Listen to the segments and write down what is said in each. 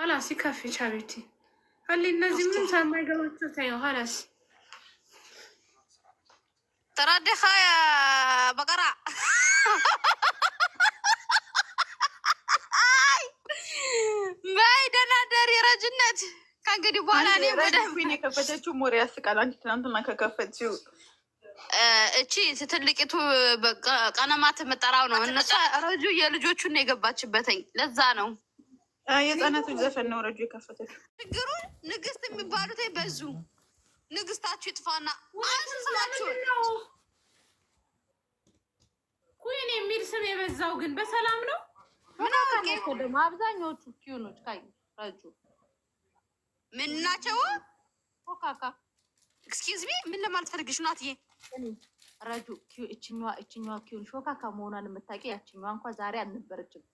ሀላስ ይከፍች አቤቴ አለ እነዚህ ምንም ሳማይገባቸው ታየው ሀላስ ተራደኻ በቀራ ወዳጅነት ከእንግዲህ በኋላ እኔ ወደቢን የከፈተችው ሞሪ ያስቃል። አንቺ ትናንትና ከከፈችው እቺ ትልቂቱ ቀነማት ትምጠራው ነው። እነሱ ረጁ የልጆቹን የገባችበትኝ ለዛ ነው የህፃናቶች ዘፈን ነው ረጁ የከፈተችው። ችግሩ ንግስት የሚባሉት በዙ ንግስታችሁ ይጥፋና ስማችሁ ኩን የሚል ስም የበዛው ግን በሰላም ነው ምናምን አብዛኛዎቹ ኪዩኖች ካዩ ረጁ ምን ናቸው? ኮካካ ኤክስኪውዝ ሚ ምን ለማለት ፈልግሽ ነው? አትዬ ረጁ እችኛዋ እችኛዋ ኪውን ሾካካ መሆኗን የምታውቂ ያችኛዋ እንኳ ዛሬ አልነበረችም።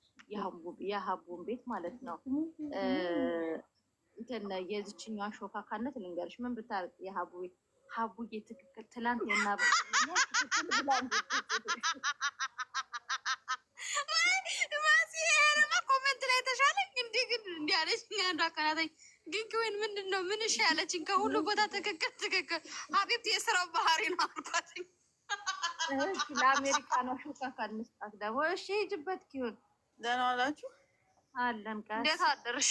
የሀቦን ቤት ማለት ነው። እንትን የዚችኛዋ ሾካካነት ልንገርሽ ምን ብታርቅ የሀቡ ቤት ሀቡዬ ትክክል ትላንት የና ኮመንት ላይ ተሻለ እንዲህ ግን እንዲህ አለች አንዷ አካናተኝ ግን ወይን ምንድን ነው ምን እሺ ያለችን ከሁሉ ቦታ ትክክል ትክክል። ሀቢብት የስራው ባህሪ ነው አልኳት። ለአሜሪካ ነው ሹካት አልመስጣት ደግሞ እሺ፣ ሂጅበት ኪሆን ደህና አላችሁ አለን ቃል እንዴት አደርሽ?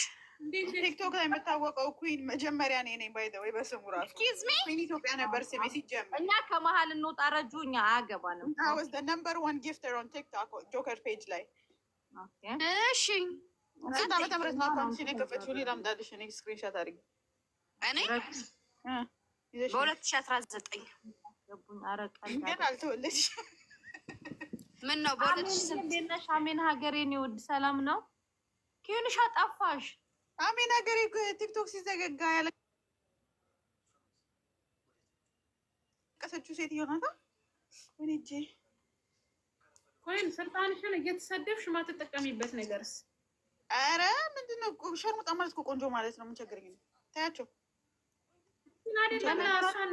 ቲክቶክ ላይ የምታወቀው ኩን መጀመሪያ እኔ ነኝ። ባይ ዘ ወይ በስሙ ራሱ ኩን ኢትዮጵያ ነበር ስሜ ሲጀምር። እኛ ከመሀል እንውጣ ረጁ፣ እኛ አያገባንም። ነምበር ዋን ጊፍተር ኦን ቲክቶክ ጆከር ፔጅ ላይ እሺ ስንት ዓመተ ምህረት ነው አካውንትሽን የከፈችው? እኔ ላምጣልሽ። እኔ ስክሪንሻት አድርጊ። እኔ በሁለት ሺህ አስራ ዘጠኝ ግን ምን ነው በሁለት ሺህ ስንት ነሽ? አሜን ሰላም ነው። ኪዩንሻ ጠፋሽ። አሜን ሀገሬ ቲክቶክ ሲዘጋጋ ያለቀሰችው ሴትዮ ናታ። ወይኔ እጄ። ስልጣንሽን እየተሰደብሽ ማትጠቀሚበት ነገርስ አረ ምንድን ነው ሸርሙጣ ማለት እኮ ቆንጆ ማለት ነው። ምን ቸገረኝ ነው ታያቸው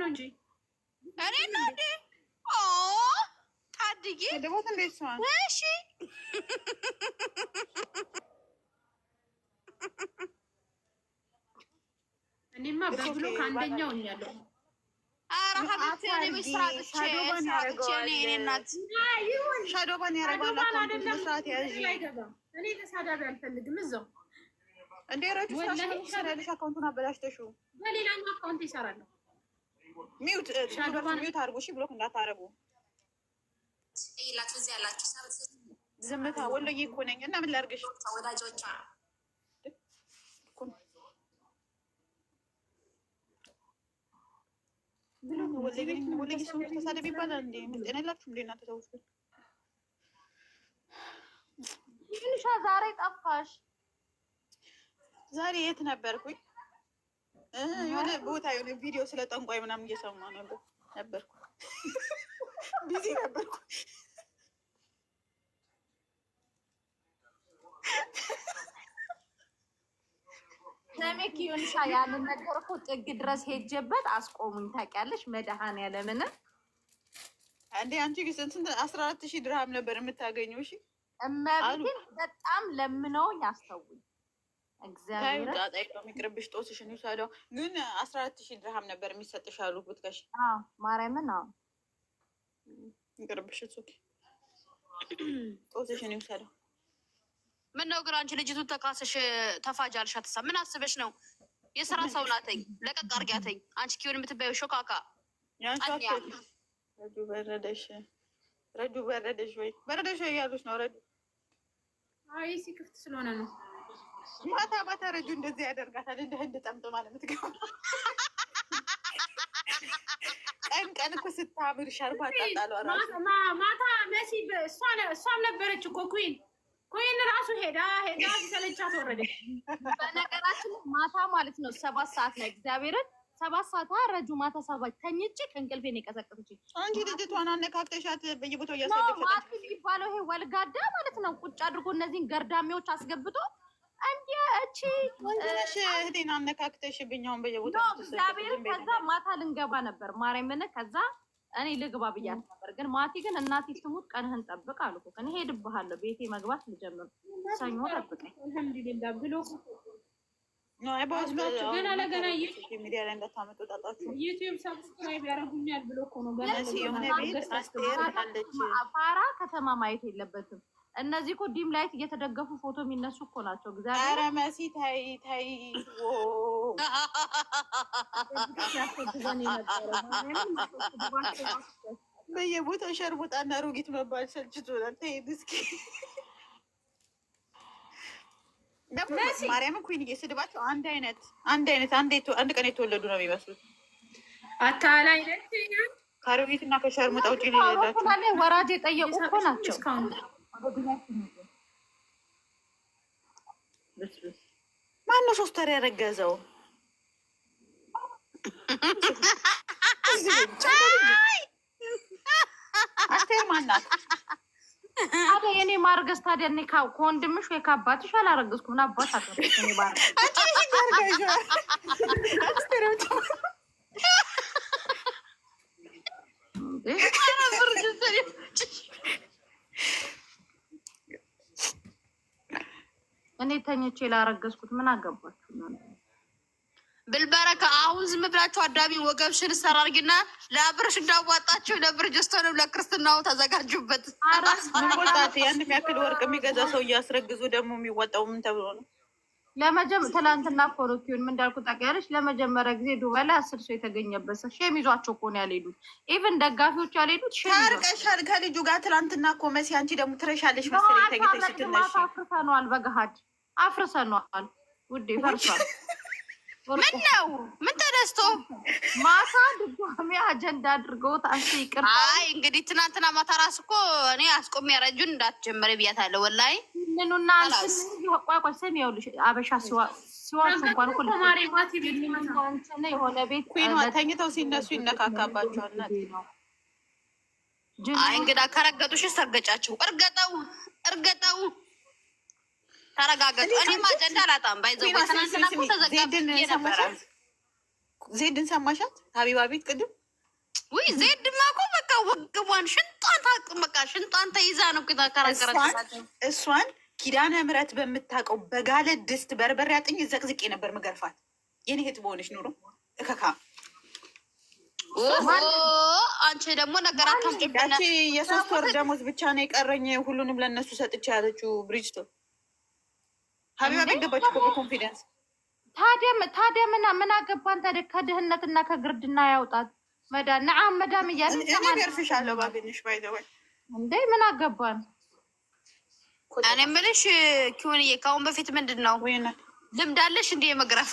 ነው እንጂ እኔ ነው ታድጌ ደቦት እንዴት ሰዋል። እሺ እኔማ በብሎ ከአንደኛው እኛለሁ ሻዶባን ያረጋል። ሻዶባን ያረጋል። እኔ ተሳዳቢ አልፈልግም። እዛው እንደ ረጁ ስራሽ አካውንቱን አበላሽተሽው በሌላኛው አካውንት ይሰራለሁ። ሚውት ሚውት አድርጉ። እሺ ብሎክ እንዳታረጉ። ዝምታ ወሎዬ እኮ ነኝ እና ምን ላድርግሽ? ወዳጆቿ ተሳደብ ይባላል እንዴ? ምን ጤና የላችሁም እንዴ እናንተ ሰዎች? ይፍንሻ ዛሬ ጠፋሽ። ዛሬ የት ነበርኩኝ? የሆነ ቦታ የሆነ ቪዲዮ ስለ ጠንቋይ ምናምን እየሰማ ነበር ነበርኩ፣ ቢዚ ነበርኩ። ሰሜክ ዩንሻ ያንን ነገር እኮ ጥግ ድረስ ሄጀበት አስቆሙኝ። ታውቂያለሽ ያለምን እንደ አንቺ ግን ስንት አስራ አራት ሺህ ድርሃም ነበር የምታገኘው። እሺ እመቤቴን በጣም ለምነውኝ አስተውኝ እግዚአብሔር የሚቅርብሽ ጦስሽን ግን አስራ አራት ሺህ ድርሃም ነበር የሚሰጥሽ አሉ ብትከሽ ማርያምን አዎ ይቅርብሽ እሱ ጦስሽን ምን ነው ግን አንቺ ልጅቱን ተካሰሽ ተፋጅ አልሽ አትሳ ምን አስበሽ ነው? የስራ ሰው ናተኝ ለቀቅ አርጊያተኝ። አንቺ ኪሆን የምትባየው ሾካካ ረዱ በረደሽ፣ ረዱ በረደሽ ወይ በረደሽ ወይ እያሉሽ ነው ረዱ ሲክፍት ስለሆነ ነው። ማታ ማታ ረጁ እንደዚህ ያደርጋታል። እንደ ህንድ ማለት ቀን ቀን እኮ ስታምር ጣጣለ ማታ መሲ እሷም ነበረች እኮ ኩን ኩን ራሱ ሄዳ ሄዳ ሲሰለቻት ወረደች። በነገራችን ማታ ማለት ነው ሰባት ሰዓት ላይ እግዚአብሔርን ሰባት ሰዓት አረጁ ማታ ሰባት ተኝቼ ከእንቅልፌን የቀሰቀሰችኝ አንቺ ልጅቷን አነካክተሻት በየቦታው እያስደማት የሚባለው ይሄ ወልጋዳ ማለት ነው። ቁጭ አድርጎ እነዚህን ገርዳሚዎች አስገብቶ እንዲ እቺ አነካክተሽ ብኛውን በየቦታው እግዚአብሔር። ከዛ ማታ ልንገባ ነበር ማርያምን። ከዛ እኔ ልግባ ብያት ነበር፣ ግን ማቲ ግን እናቴ ትሙት ቀንህን ጠብቅ አልኩ። እኔ ሄድብሃለሁ ቤቴ መግባት ልጀምር ሰኞ ጠብቀኝ። አልሐምዱሊላ ብሎ ገና ለገና ዩቲዩብ ሰብስክራይብ ብሎ እኮ ነው። አፋራ ከተማ ማየት የለበትም። እነዚህ እኮ ዲም ላይት እየተደገፉ ፎቶ የሚነሱ እኮ ናቸው። እግዚአብሔር መሲ ታይ ታይ በየቦታው መባል ሰልችቶናል። ተይ እስኪ ደግሞ ማርያም ኩኝ ስድባቸው አንድ አይነት አንድ አይነት አንድ ቀን የተወለዱ ነው የሚመስሉት። አታላይ ካሮቤት እና ከሸርሙጣ ውጭ ሌላቸው ወራጅ የጠየቁ እኮ ናቸው። ማነው ሶስት ወር ያረገዘው? አስቴር ማናት? ታዲያ የኔ ማርገዝ ታዲያ እኔ ከወንድምሽ ወይ ከአባትሽ አላረገዝኩም። አባት እኔ ተኝቼ ላረገዝኩት ምን አገባችሁ? ብልበረከ አሁን ዝም ብላችሁ አዳሚ ወገብ ሽን ሰራርግና ለአብረሽ እንዳዋጣቸው ለብርጅስቶንም ለክርስትናው ተዘጋጁበት። አራት ያን የሚያክል ወርቅ የሚገዛ ሰው እያስረግዙ ደግሞ የሚወጣው ምን ተብሎ ነው? ለመጀመ ትላንትና ኮሮኪውን ምን እንዳልኩ ታውቂያለሽ? ለመጀመሪያ ጊዜ ዱባይ ላይ አስር ሰው የተገኘበት ሰው ሼም ይዟቸው እኮ ያልሄዱት። ኢቭን ደጋፊዎች ያልሄዱት ሸርቀሻል ከልጁ ጋር ትላንትና እኮ መሲ፣ አንቺ ደግሞ ትረሻለች መሰለኝ ተገኝተሽ ስትነሽ። አፍርሰነዋል፣ በገሀድ አፍርሰነዋል ውዴ፣ ፈርሷል ምን ነው? ምን ተነስቶ ማታ ድጋሚ አጀንዳ አድርገውት? አንቺ ይቅር። አይ እንግዲህ ትናንትና ማታ ራስ እኮ እኔ አስቆሚ ያረጁን እንዳትጀምር ብያታለሁ። ወላሂ ምኑና ቋቋ ስም ይኸውልሽ፣ አበሻ ሲዋስ እንኳን የሆነ ቤት ተኝተው ሲነሱ ይነካካባቸዋል። አይ እንግዳ ከረገጡሽ ሰገጫቸው እርገጠው ተረጋገጡ። አጀንዳ አላጣም። ትናንትና እኮ ነበረ። ዜድን ሰማሻት ሀቢባ ቤት ቅድም? ውይ ዜድማ እኮ በቃ ወግቧን ሽንጧን ታቅ በቃ ሽንጧን ተይዛ ነው እሷን ኪዳነ ምሕረት በምታውቀው በጋለ ድስት በርበሬ አጥኝ ዘቅዝቄ ነበር ምገርፋት። የኔ እህት በሆነች ኑሮ እከካ አንቺ ደግሞ ነገር የሶስት ወር ደሞዝ ብቻ ነው የቀረኝ ሁሉንም ለእነሱ ያለችው ሀቢባ ጠገባች በኮንፊደንስ ታዲያ ታዲያ ምን ምን አገባን ታዲያ ከድህነትና ከግርድና ያውጣት መዳም ነዓም መዳም እያለ ገርፍሻለሁ ባገኝሽ ባይዘወይ እንዴ ምን አገባን እኔ የምልሽ ኪሆንዬ ከአሁን በፊት ምንድን ነው ልምድ አለሽ እንደ የመግረፍ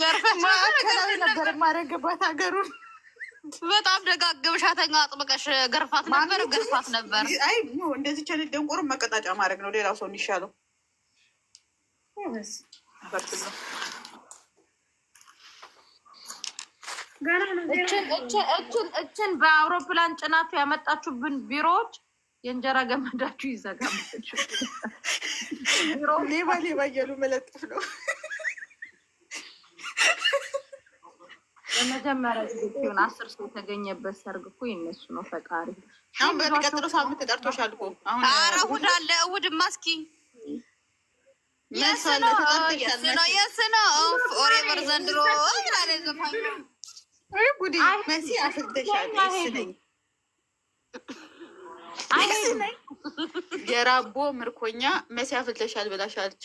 ገርፈሽ ማዕከላዊ ነበር ሀገሩን በጣም ደጋግምሻ ተኛ አጥብቀሽ ገርፋት ነበር ገርፋት ነበር። አይ እንደዚህ ቸል ደንቆሮ መቀጣጫ ማድረግ ነው ሌላው ሰው እንዲሻለው። እችን በአውሮፕላን ጭናችሁ ያመጣችሁብን ቢሮዎች የእንጀራ ገመዳችሁ ይዘጋባችሁ። ሌባ ሌባ እያሉ መለጠፍ ነው የመጀመሪያ ዝግጅውን አስር ሰው የተገኘበት ሰርግ እኮ የነሱ ነው። ፈቃሪ አሁን በሚቀጥለው ሳምንት ተጠርቶሻል እኮ አሁን። ኧረ እሑድ አለ። እሑድማ እስኪ የስ ነው የስ ነው ኦሬቨር ዘንድሮ ላለ ዘፋኝ ጉዲ መሲ አፍልተሻል የስ ነኝ የራቦ ምርኮኛ መሲ አፍልተሻል ብላሻለች።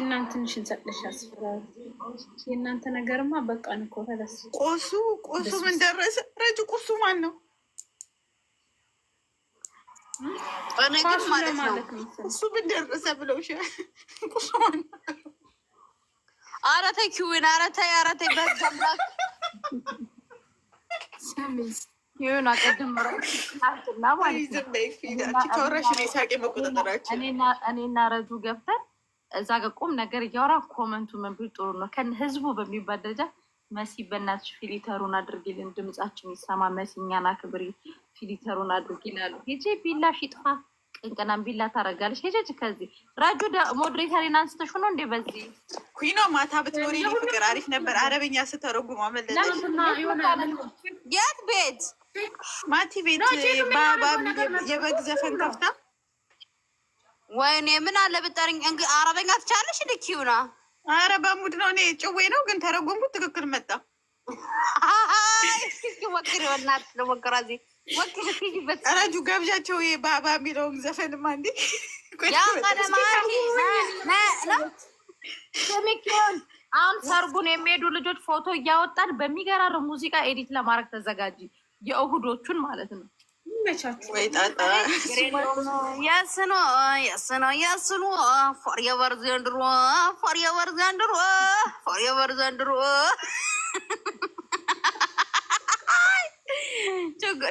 እናንተ ትንሽ እንሰጥሽ አስፈራሪ። የእናንተ ነገርማ በቃ እኮ ተለስ ቁሱ ቁሱ ምን ደረሰ? ረጅ ቁሱ ማን ነው? ማለት ነው እሱ ምን ደረሰ ብለውሻል? ቁሱ ማን ነው? ኧረ ተይ ኪዊን፣ ኧረ ተይ፣ ኧረ ተይ በዛምላክ ይሁን አቀድም ራትና እኔና ረጁ ገብተን እዛ ጋር ቁም ነገር እያወራ ኮመንቱ መንብል ጥሩ ነው። ከን ህዝቡ በሚባል ደረጃ መሲ በእናትሽ ፊሊተሩን አድርጊልን፣ ድምጻችን ይሰማ። መሲ እኛን አክብሪ፣ ፊሊተሩን አድርጊል አሉ። ሄጄ ቢላ ሽጥፋ ቅንቅናን ቢላ ታረጋለች። ሄጀች ከዚህ ራጁ ሞዴሬተሪን አንስተሽ ሆኖ እንዴ በዚህ ኩኖ ማታ ብትኖሪ ፍቅር አሪፍ ነበር። አረበኛ ስተረጉ አመለለች። የት ቤት ማቲ ቤት የበግ ዘፈን ከፍታ ወይኔ ምን አለ ብጠርኝ። እንግ አረበኛ ትቻለሽ? ልኪውና አረ በሙድ ነው። እኔ ጭዌ ነው ግን ተረጎምኩት ትክክል መጣ። ሞክሪ፣ በእናትሽ ለሞከራ ዜ አራጁ ገብዣቸው ይሄ ባባ የሚለውን ዘፈንማ እንዴ ሚኪሆን አሁን ሰርጉን የሚሄዱ ልጆች ፎቶ እያወጣን በሚገራረም ሙዚቃ ኤዲት ለማድረግ ተዘጋጅ የእሁዶቹን ማለት ነው። ችግር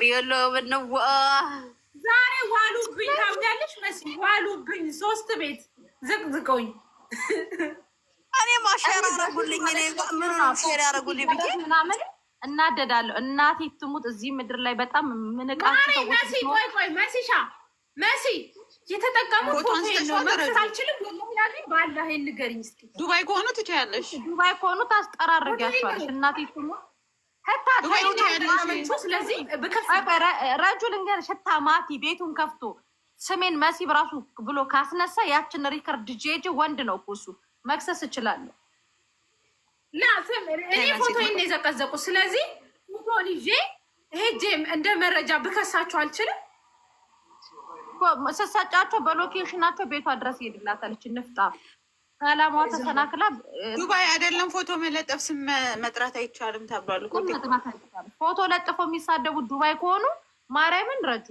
የለውም። እንዋ ዛሬ ዋሉብኝ፣ ታውቂያለሽ መሲ ዋሉብኝ። ሶስት ቤት ዝቅዝቀውኝ እኔ ማሸር ያረጉልኝ ምን ማሸር ያረጉልኝ ብዬ ምናምን እናደዳለሁ። እናቴ ትሙት እዚህ ምድር ላይ በጣም ምንቃቸው መሲ፣ ቆይ ቆይ መሲሻ መሲ የተጠቀሙት ፎቶ አልችልም። ባላ ንገሪኝ እስኪ። ዱባይ ከሆኑ ትችያለሽ። ዱባይ ከሆኑ ታስጠራርጊያቸዋለሽ። እናቴ ትሙት ረጁ ልንገርሽ፣ ሽታ ማቲ ቤቱን ከፍቶ ስሜን መሲብ ራሱ ብሎ ካስነሳ ያችን ሪከርድ ጄጅ ወንድ ነው እኮ እሱ መክሰስ እችላለሁ። እኔ ፎቶ የዘቀዘቁ ስለዚህ ፎቶን ይዤ ሄጄም እንደ መረጃ ብከሳቸው አልችልም። ስሳጫቸው በሎኬሽናቸው ቤቷ ድረስ ይሄድላታለች። ንፍጣ ሰላሟ ተሰናክላ ዱባይ አይደለም ፎቶ መለጠፍ ስም መጥራት አይቻልም ተብሏል። ፎቶ ለጥፎ የሚሳደቡ ዱባይ ከሆኑ ማርያምን ረጁ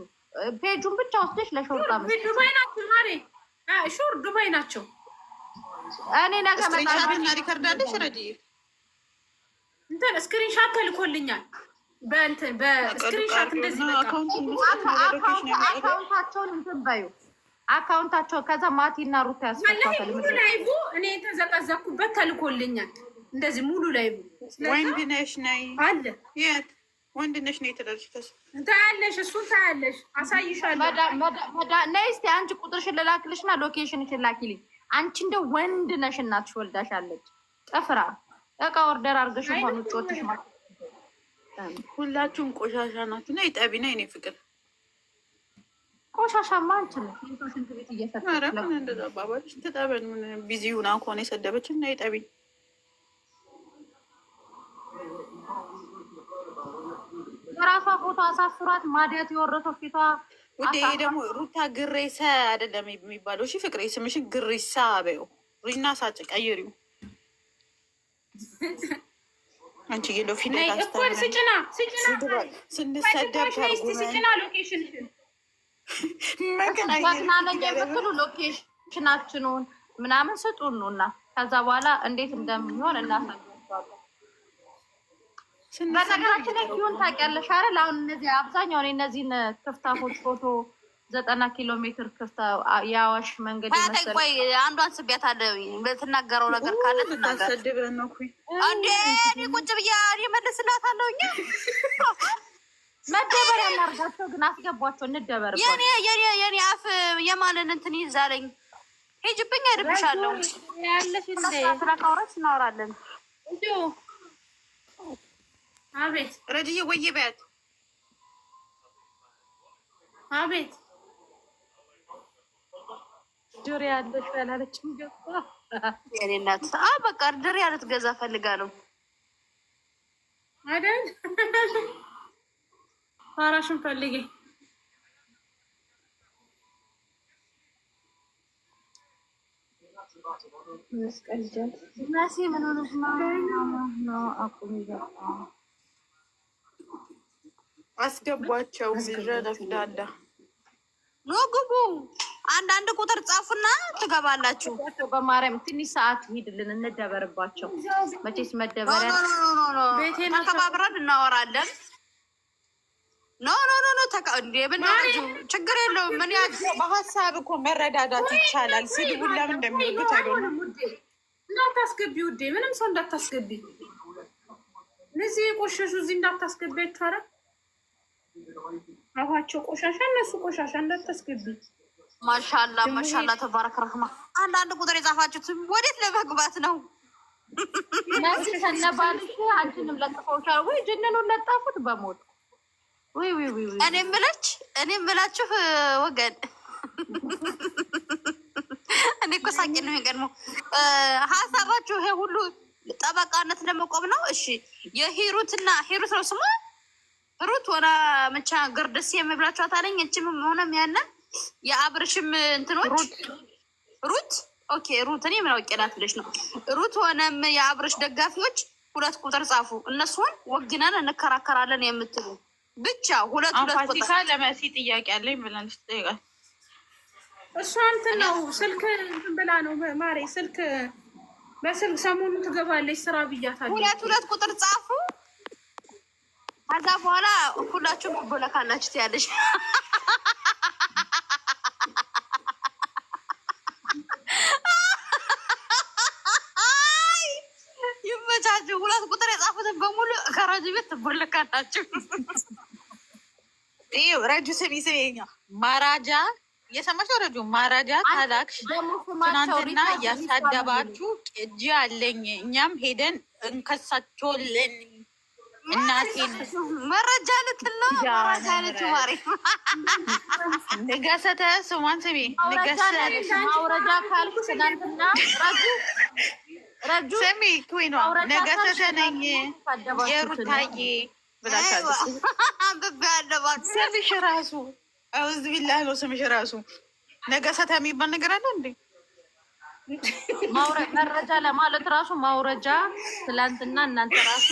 ፔጁን ብቻ ወስደሽ ለሾርጣ ዱባይ ናቸው። ማሬ ሹር ዱባይ ናቸው። እኔ ነገ መጣ ሪከርዳለሽ እንትን ስክሪንሻት ተልኮልኛል። በእንትን በስክሪንሻት እንደዚህ በቃ እንትን በዩ አካውንታቸው ከዛ ማቲ እና ሩታ ያስፈታል። ሙሉ ላይቡ እኔ የተዘቀዘኩበት ተልኮልኛል። እንደዚህ ሙሉ ላይቡ ወንድነሽ ነይ አለ የት ወንድነሽ ነይ ተደርጅተስ ታያለሽ፣ እሱን ታያለሽ፣ አሳይሻለሁ። ነይ እስኪ አንቺ ቁጥርሽን ልላክልሽና ሎኬሽንሽን ላኪልኝ። አንቺ እንደ ወንድነሽ እናትሽ ወልዳሻለች ጥፍራ እቃ ኦርደር አድርገሽ እንኳን ውጭወትሽ ማለት ሁላችሁም ቆሻሻ ናችሁ። ና ይጠቢ ና የኔ ፍቅር ቆሻሻ ማንች ነው። ሽንት ቤት እየሰጠምን ምን ቢዚ ሁና ከሆነ የሰደበችን ና ጠቢ የራሷ ፎቶ አሳፍሯት ማዲያት የወረሰው ፊቷ ውዴ ደግሞ ሩታ ግሬሳ አይደለም የሚባለው። እሺ ፍቅሬ ስምሽን ግሬሳ በይው ሪና ሳጭ ቀይሪው አንቺ ጌሎ ፊት ስጭና ስንሰደብ ስጭና ሎኬሽን የምትሉ ሎኬሽናችንን ምናምን ስጡን እና ከዛ በኋላ እንዴት እንደሚሆን እናሳያቸዋለን። በነገራችን ላይ ኪውን ታውቂያለሽ አይደል? አሁን እነዚህ አብዛኛውን የእነዚህን ክፍታፎች ፎቶ ዘጠና ኪሎ ሜትር ክፍታ የአዋሽ መንገድ ቆይ አንዷን አለ ልትናገረው ነገር ካለ ትናገርሰድበን እንዴ? እኔ ቁጭ ብዬ እመልስላታለሁ። እኛ መደበር እናድርጋቸው፣ ግን አስገቧቸው፣ እንደበር የኔ አፍ የማንን እንትን ይዛለኝ። ሄጅብኝ እሄድብሻለሁ። ስለካውረች እናወራለን። አቤት ረድዬ፣ ወይ በያት አቤት ድሬ ያለሽ ያላለችም ገባ የኔ እናት አ በቃ ድሬ ያለት ገዛ ፈልጋ ነው አይደል? ፋራሽን ፈልጌ ናሲ ምን ሆነሽ ነው? አቁም ገባ አስገቧቸው ደፍዳዳ ኖ ግቡ። አንዳንድ ቁጥር ጻፉና ትገባላችሁ። በማርያም ትንሽ ሰዓት ሂድልን እንደበርባቸው። መቼስ መደበሪያ ተከባብረን እናወራለን። ኖ ኖ ኖ ኖ ተቃ እንዴ ብናችሁ ችግር የለውም። ምን ያ በሀሳብ እኮ መረዳዳት ይቻላል። ስድቡን ለምን እንደሚወዱት አይሆንም። እንዳታስገቢ ውዴ፣ ምንም ሰው እንዳታስገቢ። እነዚህ የቆሸሹ እዚህ እንዳታስገቢያቸው አረ አፋቸው ቆሻሻ፣ እነሱ ቆሻሻ እንዳታስገቢ። ማሻላ ማሻላ፣ ተባረክ ረህማ። አንዳንድ ቁጥር የጻፋችሁት ወዴት ለመግባት ነው? ነስ ከነባል አንቺንም ለጥፈውሻል ወይ? ጅንኑን ለጣፉት በሞት ወይ ወይ ወይ። እኔ የምለች እኔ የምላችሁ ወገን እኔ እኮ ሳቂ ነው የሚገርመው። ሀሳባችሁ ይሄ ሁሉ ጠበቃነት ለመቆም ነው። እሺ የሂሩትና ሂሩት ነው ስሟ ሩት ወራ መቻ ገርደስ የምብላችኋት አታለኝ እችም ሆነም ያለን የአብርሽም እንትኖች ሩት ኦኬ፣ ሩት እኔ ምን አውቄ ናት ብለሽ ነው። ሩት ሆነም የአብርሽ ደጋፊዎች ሁለት ቁጥር ጻፉ። እነሱን ወግነን እንከራከራለን የምትሉ ብቻ ሁለት ሁለት ቁጥር ለመሲ ጥያቄ አለኝ ብለን ትጠይቃል። እሷ እንትን ነው ስልክ እንትን ብላ ነው ማሬ፣ ስልክ በስልክ ሰሞኑን ትገባለች ስራ ብያታለሁ። ሁለት ሁለት ቁጥር ጻፉ ከዛ በኋላ ሁላችሁም ጉቦላ ካላችሁ ትያለሽ። ይመቻችሁ። ሁለት ቁጥር የጻፉትን በሙሉ ከረጅ ቤት ትቦለካላችሁ። ይኸው ረጁ ስሚ ስሜኛ ማራጃ የሰማቸው ረጁ ማራጃ ታላክሽ ትናንትና እያሳደባችሁ ቅጂ አለኝ እኛም ሄደን እንከሳቸዋለን እናቴን መረጃ ልትል ነው። መረጃ ልትል ማሪ ንገሰተ ስሟን ካልኩ ትናንትና ረጁ ነገሰተ ነኝ የሩታዬ ስምሽ ራሱ አውዝ ቢላ ነው ስምሽ ራሱ ነገሰተ የሚባል ነገር አለ እንዴ? መረጃ ለማለት ራሱ ማውረጃ ትላንትና እናንተ ራሱ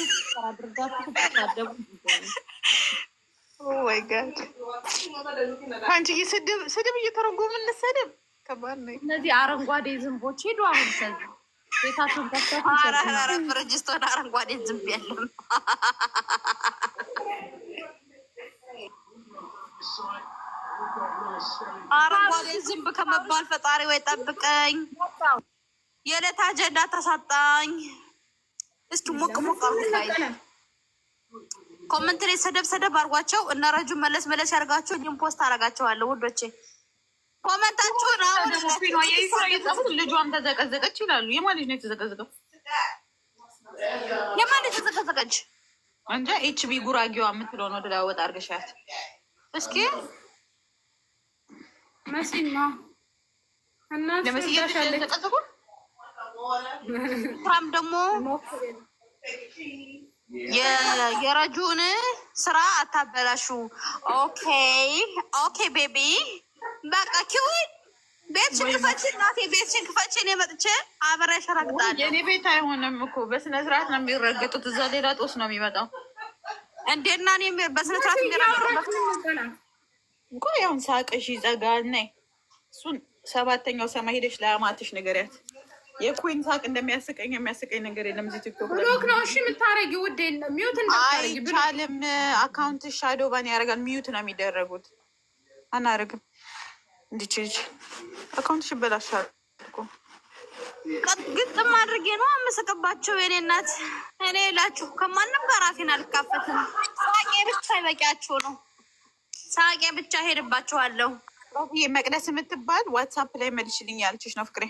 አድርጋችሁ ተሳደቡ። አንቺ ስድብ ስድብ እየተረጎም እንሰድብ ከባድ ነው። እነዚህ አረንጓዴ ዝንቦች ሄዱ። አሁን ሰ ቤታቸውን ፍርጅስቶን አረንጓዴ ዝንብ ያለም አረንጓዴ ዝንብ ከመባል ፈጣሪ ወይ ጠብቀኝ። የዕለት አጀንዳ ተሳጣኝ። እስኪ ሞቅ ሞቅ ላይ ኮመንት ላይ ሰደብ ሰደብ አድርጓቸው እና ረጁ መለስ መለስ ያርጋቸው። እኔም ፖስት አረጋቸዋለሁ ውዶቼ። ኮመንታችሁን አሁን ልጇም ተዘቀዘቀች ይላሉ። የማን ልጅ ነው የተዘቀዘቀው? የማን ልጅ ተዘቀዘቀች? እንጃ ኤችቢ ጉራጌዋ የምትለውን ወደ ላይ ወጣ አድርገሻት እስኪ መሲማ ደግሞ የረጁን ስራ አታበላሹ። ኦኬ ኦኬ፣ ቤቢ በቃ ኪዊት ቤትሽን ክፈች፣ እናቴ ቤትሽን ክፈች። እኔ መጥቼ አብረሽ እረግጣለሁ። የኔ ቤት አይሆንም እኮ በስነ ስርዓት ነው የሚረግጡት እዛ ሌላ ጦስ ነው የሚመጣው። እንዴና እኔ በስነ ስርዓት የሚረገጡበት ቆይ አሁን ሳቅሽ ይጸጋል። ነይ እሱን ሰባተኛው ሰማይ ሄደሽ ለአማትሽ ንገሪያት። የኩዊን ሳቅ እንደሚያስቀኝ የሚያስቀኝ ነገር የለም። እዚህ ቲክቶክ ብሎክ ነው እሺ የምታረጊው ውድ የለም ሚዩት አይቻልም። አካውንት ሻዶ ባን ያደርጋል። ሚዩት ነው የሚደረጉት። አናደርግም። እንዲች ልጅ አካውንትሽ ይበላሻል እኮ ግጥም አድርጌ ነው አመሰቀባቸው። የኔ እናት እኔ ላችሁ ከማንም ጋር አፌን አልካፈትም። ሳቄ ብቻ ይበቂያችሁ ነው ሳቂያ ብቻ ሄድባችኋለሁ። መቅደስ የምትባል ዋትሳፕ ላይ መልሽልኝ ያለችሽ ነው ፍቅሬ።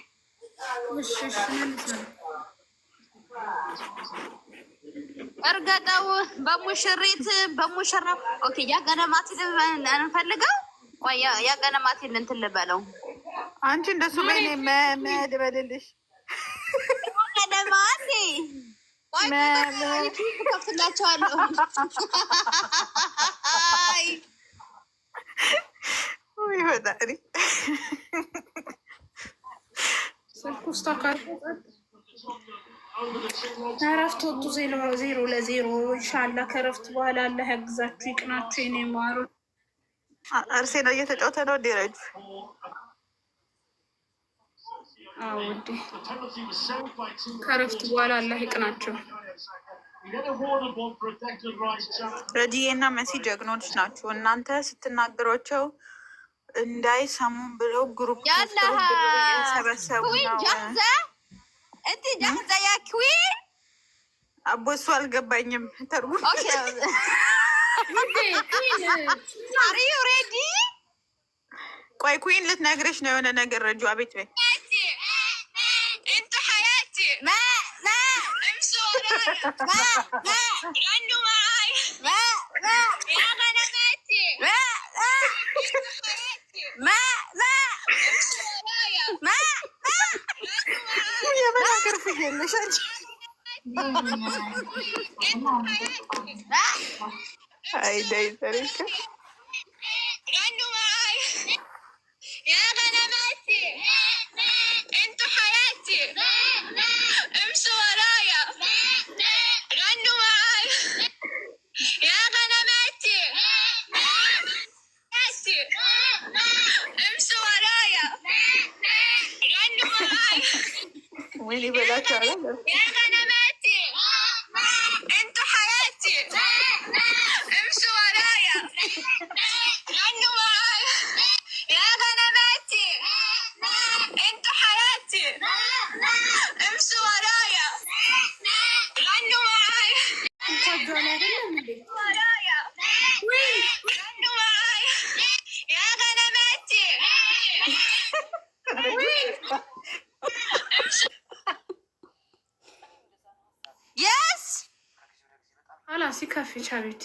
እርገጠው በሙሽሪት በሙሽራ ኦኬ። ያገነማት እንፈልገው ቆይ፣ ያገነማት እንትን ልበለው። አንቺ እንደሱ በኔ መድ በልልሽ ገነማቴ ከፍትላቸዋለሁ በጣም ስልኩ እረፍት ወጡ። ዜሮ ለዜሮ እንሻላ። ከእረፍት በኋላ አለ ያግዛችሁ፣ ይቅናችሁ። ኔ ማሩ አርሴና እየተጫወተ ነው። ውዴ፣ ከእረፍት በኋላ አለ ይቅናቸው። ረጂዬና መሲ ጀግኖች ናቸው እናንተ ስትናገሯቸው እንዳይሰሙን ብለው ግሩፕ ሰበሰቡ ነው። ያ አቦ እሱ አልገባኝም ተርጉ አሪ ሬዲ ቆይ ኩን ልትነግርሽ ነው የሆነ ነገር ረጁ አቤት በይ የመናገር ፍየለሽ አንቺ አይደይ ሀላስ ይከፍ ቻሪቲ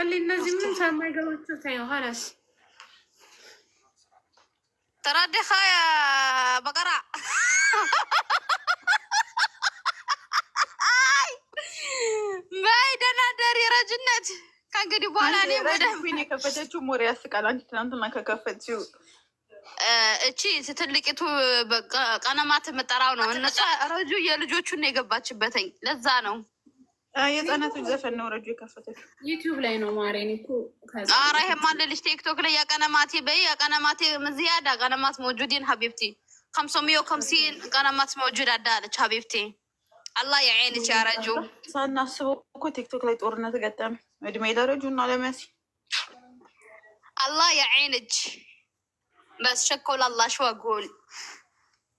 አለ እነዚህ ምንም ሳማይገባቸው ታየው ሀላስ ተራደኻ በቀራ ረጅነት ከእንግዲህ በኋላ እኔ በደንብ የከፈተችው ሞሪ ያስቃል። አንቺ ትናንትና ከከፈትሽው እቺ ትልቂቱ ቀነማት የምጠራው ነው እነሱ ረጁ የልጆቹን የገባችበተኝ ለዛ ነው። የህፃናቶች ዘፈን ነው ረጁ የከፈተችው ዩቲዩብ ላይ ነው። ማሬን እኮ ኧረ ይሄማ ልልሽ ቲክቶክ ላይ ያቀነማቴ በይ ያቀነማቴ ዝያዳ ቀነማት መውጁዲን ሀቢብቲ ከምሶ ሚዮ ከምሲን ቀነማት መውጁድ አዳለች ሀቢብቲ አላህ የዐይንች ያረጁ ሳናስበው እኮ ቲክቶክ ላይ ጦርነት ገጠመ። እድሜ ለረጁ እና ለመሲ አላህ የዐይንች በስ ሸኮል አላሽ ወጎል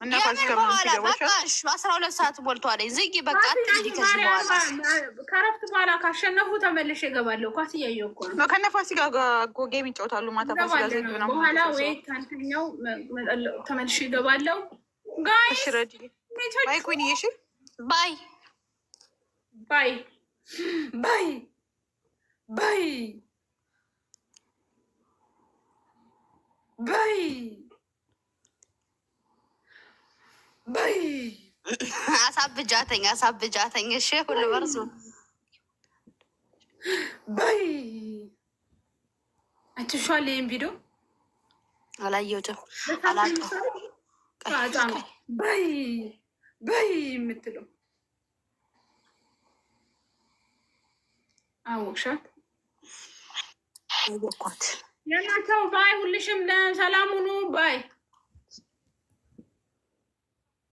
አስራ ሁለት ሰዓት ሞልቷል። ዝጊ በቃ ከረፍት በኋላ ካሸነፉ ተመልሽ እገባለሁ። ኳስ እያየሁ እኮ ነው። ከነፋሲ ጋር ጌም ይጫወታሉ ማታ በኋላ ወይ እገባለሁ። ባይ ባይ ባይ ባይ ባይ አሳብጃተኝ አሳብጃተኝ። እሺ ሁሉ በርሱ በይ። አይተሽዋል? ቪዲዮ አላየሁትም። በይ በይ የምትለው አወቅሻት? ባይ። ሁልሽም ባይ